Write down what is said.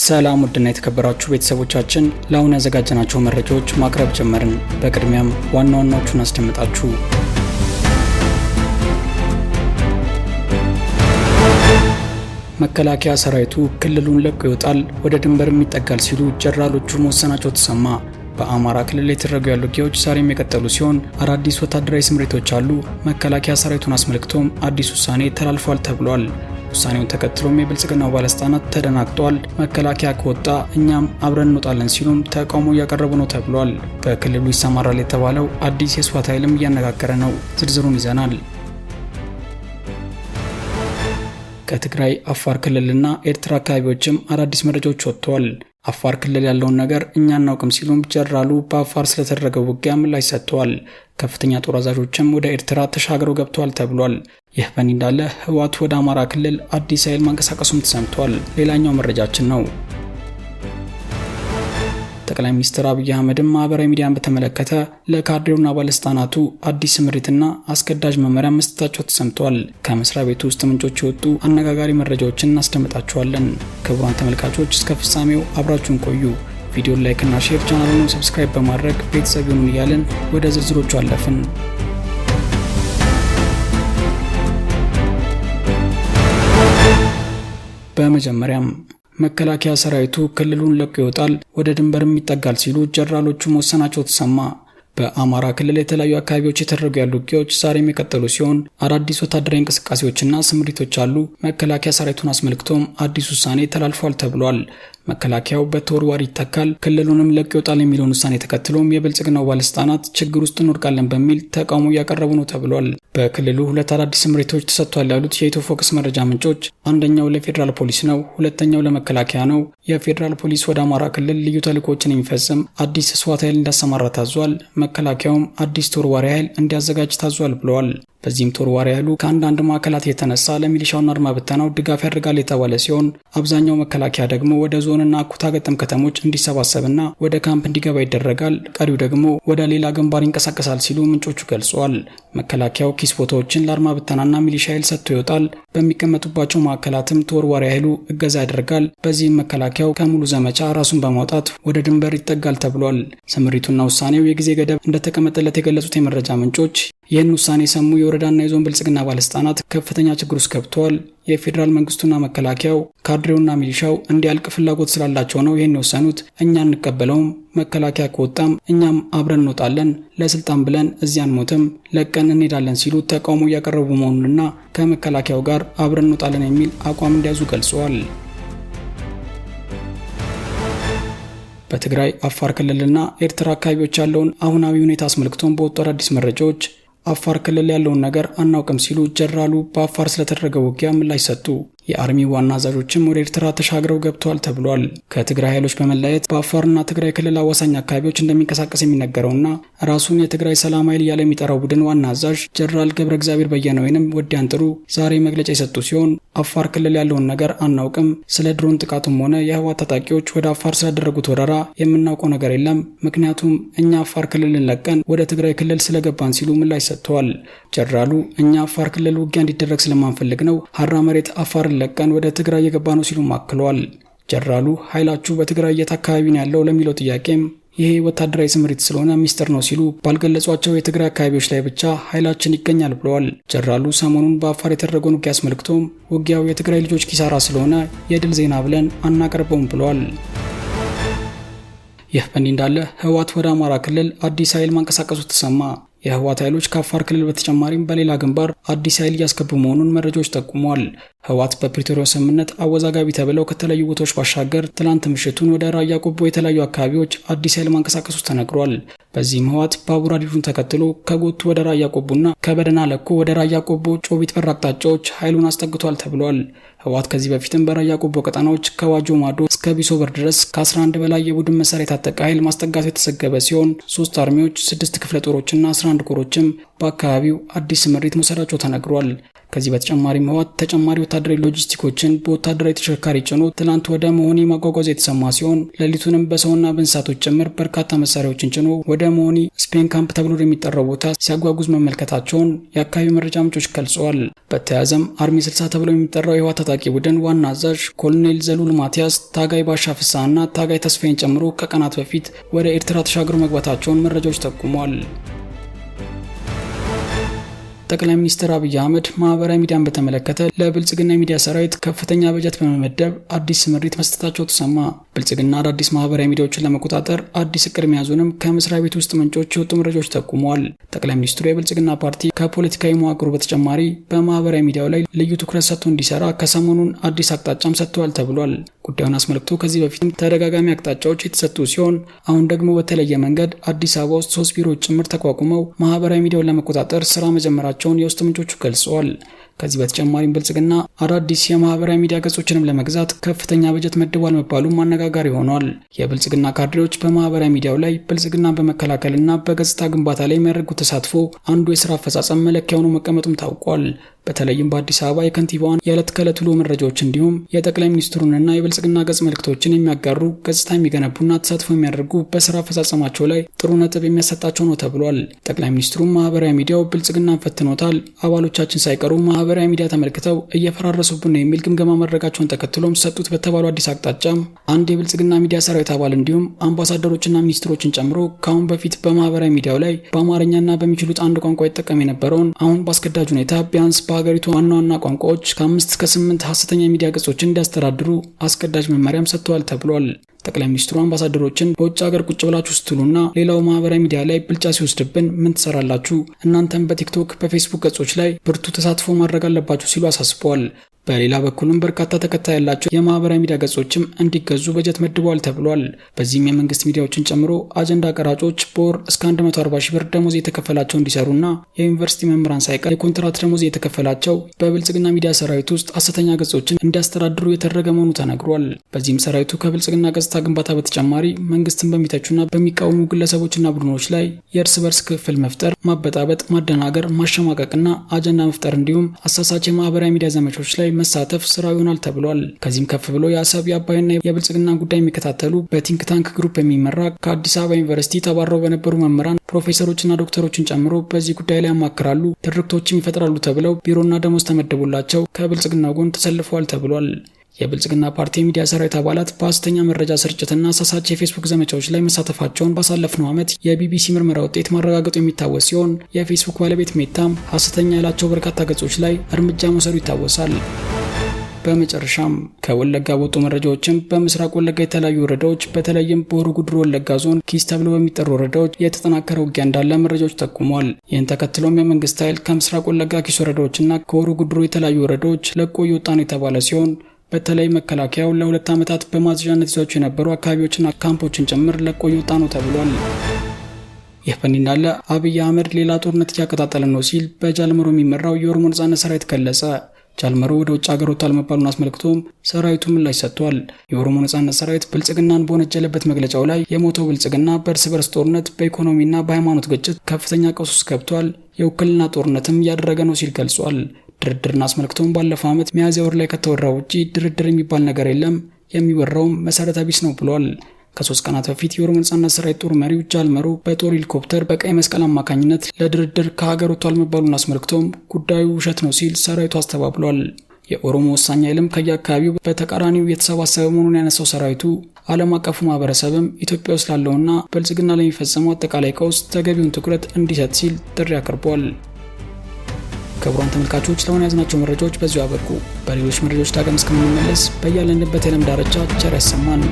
ሰላም ውድና የተከበራችሁ ቤተሰቦቻችን ለአሁን ያዘጋጀናቸው መረጃዎች ማቅረብ ጀመርን። በቅድሚያም ዋና ዋናዎቹን አስደምጣችሁ መከላከያ ሰራዊቱ ክልሉን ለቆ ይወጣል፣ ወደ ድንበርም ይጠጋል ሲሉ ጀነራሎቹ መወሰናቸው ተሰማ። በአማራ ክልል የተደረጉ ያሉ ውጊያዎች ዛሬም የቀጠሉ ሲሆን አዳዲስ ወታደራዊ ስምሪቶች አሉ። መከላከያ ሰራዊቱን አስመልክቶም አዲስ ውሳኔ ተላልፏል ተብሏል። ውሳኔውን ተከትሎም የብልጽግናው ባለስልጣናት ተደናግጠዋል። መከላከያ ከወጣ እኛም አብረን እንወጣለን ሲሉም ተቃውሞ እያቀረቡ ነው ተብሏል። በክልሉ ይሰማራል የተባለው አዲስ የስዋት ኃይልም እያነጋገረ ነው። ዝርዝሩን ይዘናል። ከትግራይ አፋር ክልልና ኤርትራ አካባቢዎችም አዳዲስ መረጃዎች ወጥተዋል። አፋር ክልል ያለውን ነገር እኛ እናውቅም ሲሉም ጀራሉ በአፋር ስለተደረገው ውጊያ ምላሽ ሰጥተዋል። ከፍተኛ ጦር አዛዦችም ወደ ኤርትራ ተሻግረው ገብተዋል ተብሏል። ይህ በእንዲህ እንዳለ ህወሓት ወደ አማራ ክልል አዲስ ኃይል ማንቀሳቀሱም ተሰምቷል። ሌላኛው መረጃችን ነው። ጠቅላይ ሚኒስትር አብይ አህመድም ማህበራዊ ሚዲያን በተመለከተ ለካድሬውና ባለስልጣናቱ አዲስ ምሪትና አስገዳጅ መመሪያ መስጠታቸው ተሰምተዋል። ከመስሪያ ቤቱ ውስጥ ምንጮች የወጡ አነጋጋሪ መረጃዎችን እናስደምጣቸዋለን። ክቡራን ተመልካቾች እስከ ፍጻሜው አብራችሁን ቆዩ። ቪዲዮ ላይክና ሼር ቻናሉን ሰብስክራይብ በማድረግ ቤተሰብ ይሁኑን እያልን ወደ ዝርዝሮቹ አለፍን። በመጀመሪያም መከላከያ ሰራዊቱ ክልሉን ለቆ ይወጣል፣ ወደ ድንበርም ይጠጋል ሲሉ ጀነራሎቹ መወሰናቸው ተሰማ። በአማራ ክልል የተለያዩ አካባቢዎች የተደረጉ ያሉ ውጊያዎች ዛሬም የቀጠሉ ሲሆን አዳዲስ ወታደራዊ እንቅስቃሴዎችና ስምሪቶች አሉ። መከላከያ ሰራዊቱን አስመልክቶም አዲስ ውሳኔ ተላልፏል ተብሏል። መከላከያው በተወርዋሪ ይተካል፣ ክልሉንም ለቅ ይወጣል የሚለውን ውሳኔ ተከትሎም የብልጽግናው ባለስልጣናት ችግር ውስጥ እንወድቃለን በሚል ተቃውሞ እያቀረቡ ነው ተብሏል። በክልሉ ሁለት አዳዲስ መሬቶች ተሰጥቷል ያሉት የኢትዮ ፎክስ መረጃ ምንጮች አንደኛው ለፌዴራል ፖሊስ ነው፣ ሁለተኛው ለመከላከያ ነው። የፌዴራል ፖሊስ ወደ አማራ ክልል ልዩ ተልእኮችን የሚፈጽም አዲስ ስዋት ኃይል እንዲያሰማራ ታዟል። መከላከያውም አዲስ ተወርዋሪ ኃይል እንዲያዘጋጅ ታዟል ብለዋል። በዚህም ዋር ያሉ ከአንዳንድ ማዕከላት የተነሳ ለሚሊሻውና አድማ ብተናው ድጋፍ ያደርጋል የተባለ ሲሆን አብዛኛው መከላከያ ደግሞ ወደ ዞንና ኩታ ገጠም ከተሞች እንዲሰባሰብና ወደ ካምፕ እንዲገባ ይደረጋል። ቀሪው ደግሞ ወደ ሌላ ግንባር ይንቀሳቀሳል ሲሉ ምንጮቹ ገልጸዋል። መከላከያው ኪስ ቦታዎችን ለአድማ ብተናና ሚሊሻ ኃይል ሰጥቶ ይወጣል። በሚቀመጡባቸው ማዕከላትም ተወርዋሪ ኃይሉ እገዛ ያደርጋል። በዚህም መከላከያው ከሙሉ ዘመቻ ራሱን በማውጣት ወደ ድንበር ይጠጋል ተብሏል። ስምሪቱና ውሳኔው የጊዜ ገደብ እንደተቀመጠለት የገለጹት የመረጃ ምንጮች ይህን ውሳኔ የሰሙ የወረዳና የዞን ብልጽግና ባለስልጣናት ከፍተኛ ችግር ውስጥ ገብተዋል። የፌዴራል መንግስቱና መከላከያው ካድሬውና ሚሊሻው እንዲያልቅ ፍላጎት ስላላቸው ነው ይህን የወሰኑት። እኛ እንቀበለውም። መከላከያ ከወጣም እኛም አብረን እንወጣለን። ለስልጣን ብለን እዚያን ሞትም ለቀን እንሄዳለን ሲሉ ተቃውሞ እያቀረቡ መሆኑንና ከመከላከያው ጋር አብረን እንወጣለን የሚል አቋም እንዲያዙ ገልጸዋል። በትግራይ አፋር ክልልና ኤርትራ አካባቢዎች ያለውን አሁናዊ ሁኔታ አስመልክቶም በወጡ አዳዲስ መረጃዎች አፋር ክልል ያለውን ነገር አናውቅም ሲሉ ጀራሉ በአፋር ስለተደረገ ውጊያ ምላሽ ሰጡ። የአርሚ ዋና አዛዦችም ወደ ኤርትራ ተሻግረው ገብተዋል ተብሏል። ከትግራይ ኃይሎች በመለየት በአፋርና ትግራይ ክልል አዋሳኝ አካባቢዎች እንደሚንቀሳቀስ የሚነገረውና ራሱን የትግራይ ሰላም ኃይል እያለ የሚጠራው ቡድን ዋና አዛዥ ጀነራል ገብረ እግዚአብሔር በየነ ወይንም ወዲያን ጥሩ ዛሬ መግለጫ የሰጡ ሲሆን አፋር ክልል ያለውን ነገር አናውቅም፣ ስለ ድሮን ጥቃቱም ሆነ የህወሓት ታጣቂዎች ወደ አፋር ስላደረጉት ወረራ የምናውቀው ነገር የለም፣ ምክንያቱም እኛ አፋር ክልልን ለቀን ወደ ትግራይ ክልል ስለገባን ሲሉ ምላሽ ሰጥተዋል። ጀነራሉ እኛ አፋር ክልል ውጊያ እንዲደረግ ስለማንፈልግ ነው ሀራ መሬት አፋር ለቀን ወደ ትግራይ የገባ ነው ሲሉም አክለዋል። ጀነራሉ ኃይላችሁ በትግራይ የት አካባቢ ነው ያለው ለሚለው ጥያቄም ይሄ ወታደራዊ ስምሪት ስለሆነ ሚስጥር ነው ሲሉ ባልገለጿቸው የትግራይ አካባቢዎች ላይ ብቻ ኃይላችን ይገኛል ብለዋል። ጀነራሉ ሰሞኑን በአፋር የተደረገውን ውጊያ አስመልክቶም ውጊያው የትግራይ ልጆች ኪሳራ ስለሆነ የድል ዜና ብለን አናቀርበውም ብለዋል። ይህ በእንዲህ እንዳለ ህወሓት ወደ አማራ ክልል አዲስ ኃይል ማንቀሳቀሱ ተሰማ። የህወሓት ኃይሎች ከአፋር ክልል በተጨማሪም በሌላ ግንባር አዲስ ኃይል እያስገቡ መሆኑን መረጃዎች ጠቁመዋል። ህወሓት በፕሪቶሪያ ስምምነት አወዛጋቢ ተብለው ከተለያዩ ቦታዎች ባሻገር ትላንት ምሽቱን ወደ ራያ ቆቦ የተለያዩ አካባቢዎች አዲስ ኃይል ማንቀሳቀሱ ተነግሯል። በዚህም ህወሓት ባቡር ሀዲዱን ተከትሎ ከጎቱ ወደ ራያ ቆቦና ከበደና ለኮ ወደ ራያ ቆቦ ጮቢት በር አቅጣጫዎች ኃይሉን አስጠግቷል ተብሏል። ህወሓት ከዚህ በፊትም በራያ ቆቦ ቀጠናዎች ከዋጆ ማዶ እስከ ቢሶበር ድረስ ከ11 በላይ የቡድን መሳሪያ የታጠቀ ኃይል ማስጠጋቱ የተዘገበ ሲሆን ሶስት አርሚዎች፣ ስድስት ክፍለ ጦሮችና 11 ኮሮችም በአካባቢው አዲስ ምሪት መውሰዳቸው ተነግሯል። ከዚህ በተጨማሪም ህወሓት ተጨማሪ ወታደራዊ ሎጂስቲኮችን በወታደራዊ ተሽከርካሪ ጭኖ ትናንት ወደ መሆኒ ማጓጓዝ የተሰማ ሲሆን ሌሊቱንም በሰውና በእንስሳቶች ጭምር በርካታ መሳሪያዎችን ጭኖ ወደ መሆኒ ስፔን ካምፕ ተብሎ የሚጠራው ቦታ ሲያጓጉዝ መመልከታቸውን የአካባቢ መረጃ ምንጮች ገልጸዋል። በተያያዘም አርሚ 60 ተብሎ የሚጠራው የህወሓት ታጣቂ ቡድን ዋና አዛዥ ኮሎኔል ዘሉል ማቲያስ፣ ታጋይ ባሻ ፍስሐ እና ታጋይ ተስፋዬን ጨምሮ ከቀናት በፊት ወደ ኤርትራ ተሻግሮ መግባታቸውን መረጃዎች ጠቁመዋል። ጠቅላይ ሚኒስትር አብይ አህመድ ማህበራዊ ሚዲያን በተመለከተ ለብልጽግና ሚዲያ ሰራዊት ከፍተኛ በጀት በመመደብ አዲስ ስምሪት መስጠታቸው ተሰማ። ብልጽግና አዳዲስ ማህበራዊ ሚዲያዎችን ለመቆጣጠር አዲስ እቅድ መያዙንም ከመስሪያ ቤት ውስጥ ምንጮች የወጡ መረጃዎች ጠቁመዋል። ጠቅላይ ሚኒስትሩ የብልጽግና ፓርቲ ከፖለቲካዊ መዋቅሩ በተጨማሪ በማህበራዊ ሚዲያው ላይ ልዩ ትኩረት ሰጥቶ እንዲሰራ ከሰሞኑን አዲስ አቅጣጫም ሰጥተዋል ተብሏል። ጉዳዩን አስመልክቶ ከዚህ በፊትም ተደጋጋሚ አቅጣጫዎች የተሰጡ ሲሆን አሁን ደግሞ በተለየ መንገድ አዲስ አበባ ውስጥ ሶስት ቢሮዎች ጭምር ተቋቁመው ማህበራዊ ሚዲያውን ለመቆጣጠር ስራ መጀመራቸውን የውስጥ ምንጮቹ ገልጸዋል። ከዚህ በተጨማሪም ብልጽግና አዳዲስ የማህበራዊ ሚዲያ ገጾችንም ለመግዛት ከፍተኛ በጀት መድቧል መባሉም አነጋጋሪ ሆኗል። የብልጽግና ካድሬዎች በማህበራዊ ሚዲያው ላይ ብልጽግናን በመከላከልና በገጽታ ግንባታ ላይ የሚያደርጉት ተሳትፎ አንዱ የስራ አፈጻጸም መለኪያ ሆኖ መቀመጡም ታውቋል። በተለይም በአዲስ አበባ የከንቲባዋን የዕለት ከዕለት ውሎ መረጃዎች እንዲሁም የጠቅላይ ሚኒስትሩንና የብልጽግና ገጽ መልእክቶችን የሚያጋሩ ገጽታ የሚገነቡና ተሳትፎ የሚያደርጉ በስራ አፈጻጸማቸው ላይ ጥሩ ነጥብ የሚያሰጣቸው ነው ተብሏል። ጠቅላይ ሚኒስትሩም ማህበራዊ ሚዲያው ብልጽግና ፈትኖታል፣ አባሎቻችን ሳይቀሩ ማህበራዊ ሚዲያ ተመልክተው እየፈራረሱብን ነው የሚል ግምገማ መድረጋቸውን ተከትሎም ሰጡት በተባሉ አዲስ አቅጣጫ አንድ የብልጽግና ሚዲያ ሰራዊት አባል እንዲሁም አምባሳደሮችና ሚኒስትሮችን ጨምሮ ከአሁን በፊት በማህበራዊ ሚዲያው ላይ በአማርኛና በሚችሉት አንድ ቋንቋ ይጠቀም የነበረውን አሁን በአስገዳጅ ሁኔታ ቢያንስ በሀገሪቱ ዋና ዋና ቋንቋዎች ከአምስት እስከ ስምንት ሀሰተኛ የሚዲያ ገጾችን እንዲያስተዳድሩ አስገዳጅ መመሪያም ሰጥተዋል ተብሏል። ጠቅላይ ሚኒስትሩ አምባሳደሮችን በውጭ ሀገር ቁጭ ብላችሁ ስትሉና ሌላው ማህበራዊ ሚዲያ ላይ ብልጫ ሲወስድብን ምን ትሰራላችሁ? እናንተም በቲክቶክ በፌስቡክ ገጾች ላይ ብርቱ ተሳትፎ ማድረግ አለባችሁ ሲሉ አሳስበዋል። በሌላ በኩልም በርካታ ተከታይ ያላቸው የማህበራዊ ሚዲያ ገጾችም እንዲገዙ በጀት መድቧል ተብሏል። በዚህም የመንግስት ሚዲያዎችን ጨምሮ አጀንዳ ቀራጮች በወር እስከ 140 ሺህ ብር ደሞዝ የተከፈላቸው እንዲሰሩና የዩኒቨርሲቲ መምህራን ሳይቀር የኮንትራት ደሞዝ የተከፈላቸው በብልጽግና ሚዲያ ሰራዊት ውስጥ አሰተኛ ገጾችን እንዲያስተዳድሩ የተደረገ መሆኑ ተነግሯል። በዚህም ሰራዊቱ ከብልጽግና ገጽታ ግንባታ በተጨማሪ መንግስትን በሚተቹና በሚቃወሙ ግለሰቦችና ቡድኖች ላይ የእርስ በርስ ክፍል መፍጠር፣ ማበጣበጥ፣ ማደናገር፣ ማሸማቀቅና አጀንዳ መፍጠር እንዲሁም አሳሳች የማህበራዊ ሚዲያ ዘመቻዎች ላይ መሳተፍ ስራው ይሆናል ተብሏል። ከዚህም ከፍ ብሎ የአሰብ የአባይና የብልጽግና ጉዳይ የሚከታተሉ በቲንክ ታንክ ግሩፕ የሚመራ ከአዲስ አበባ ዩኒቨርሲቲ ተባረው በነበሩ መምህራን ፕሮፌሰሮችና ዶክተሮችን ጨምሮ በዚህ ጉዳይ ላይ ያማክራሉ፣ ትርክቶችም ይፈጥራሉ ተብለው ቢሮና ደሞዝ ተመደቡላቸው ከብልጽግና ጎን ተሰልፈዋል ተብሏል። የብልጽግና ፓርቲ የሚዲያ ሰራዊት አባላት በሐሰተኛ መረጃ ስርጭትና አሳሳች የፌስቡክ ዘመቻዎች ላይ መሳተፋቸውን ባሳለፍነው ዓመት የቢቢሲ ምርመራ ውጤት ማረጋገጡ የሚታወስ ሲሆን የፌስቡክ ባለቤት ሜታም ሐሰተኛ ያላቸው በርካታ ገጾች ላይ እርምጃ መውሰዱ ይታወሳል። በመጨረሻም ከወለጋ ወጡ መረጃዎችም በምስራቅ ወለጋ የተለያዩ ወረዳዎች በተለይም በሆሮ ጉድሩ ወለጋ ዞን ኪስ ተብሎ በሚጠሩ ወረዳዎች የተጠናከረ ውጊያ እንዳለ መረጃዎች ጠቁመዋል። ይህን ተከትሎም የመንግስት ኃይል ከምስራቅ ወለጋ ኪስ ወረዳዎችና ከሆሮ ጉድሩ የተለያዩ ወረዳዎች ለቆ እየወጣ ነው የተባለ ሲሆን በተለይ መከላከያው ለሁለት ዓመታት በማዝዣነት ይዟቸው የነበሩ አካባቢዎችና ካምፖችን ጭምር ለቆ እየወጣ ነው ተብሏል። ይህ በእንዲህ እንዳለ አብይ አህመድ ሌላ ጦርነት እያቀጣጠለ ነው ሲል በጃልመሮ የሚመራው የኦሮሞ ነጻነት ሰራዊት ገለጸ። ጃልመሮ ወደ ውጭ ሀገር ወጥቷል መባሉን አስመልክቶም ሰራዊቱ ምላሽ ሰጥቷል። የኦሮሞ ነጻነት ሰራዊት ብልጽግናን በወነጀለበት መግለጫው ላይ የሞተው ብልጽግና በእርስ በርስ ጦርነት፣ በኢኮኖሚና በሃይማኖት ግጭት ከፍተኛ ቀውስ ውስጥ ገብቷል፣ የውክልና ጦርነትም እያደረገ ነው ሲል ገልጿል። ድርድርን አስመልክቶም ባለፈው ዓመት ሚያዝያ ወር ላይ ከተወራ ውጪ ድርድር የሚባል ነገር የለም፣ የሚወራውም መሰረተ ቢስ ነው ብሏል። ከሶስት ቀናት በፊት የኦሮሞ ነጻነት ሰራዊት ጦር መሪው ጃልመሩ በጦር ሄሊኮፕተር በቀይ መስቀል አማካኝነት ለድርድር ከሀገር ወጥቷል መባሉን አስመልክቶም ጉዳዩ ውሸት ነው ሲል ሰራዊቱ አስተባብሏል። የኦሮሞ ወሳኝ ኃይልም ከየአካባቢው በተቃራኒው የተሰባሰበ መሆኑን ያነሳው ሰራዊቱ ዓለም አቀፉ ማህበረሰብም ኢትዮጵያ ውስጥ ላለውና ብልጽግና ለሚፈጸመው አጠቃላይ ቀውስ ተገቢውን ትኩረት እንዲሰጥ ሲል ጥሪ አቅርቧል። ክቡራን ተመልካቾች ለሆነ ያዝናቸው መረጃዎች በዚሁ አበቁ። በሌሎች መረጃዎች ዳግም እስከምንመለስ በያለንበት የዓለም ዳርቻ ቸር ያሰማን።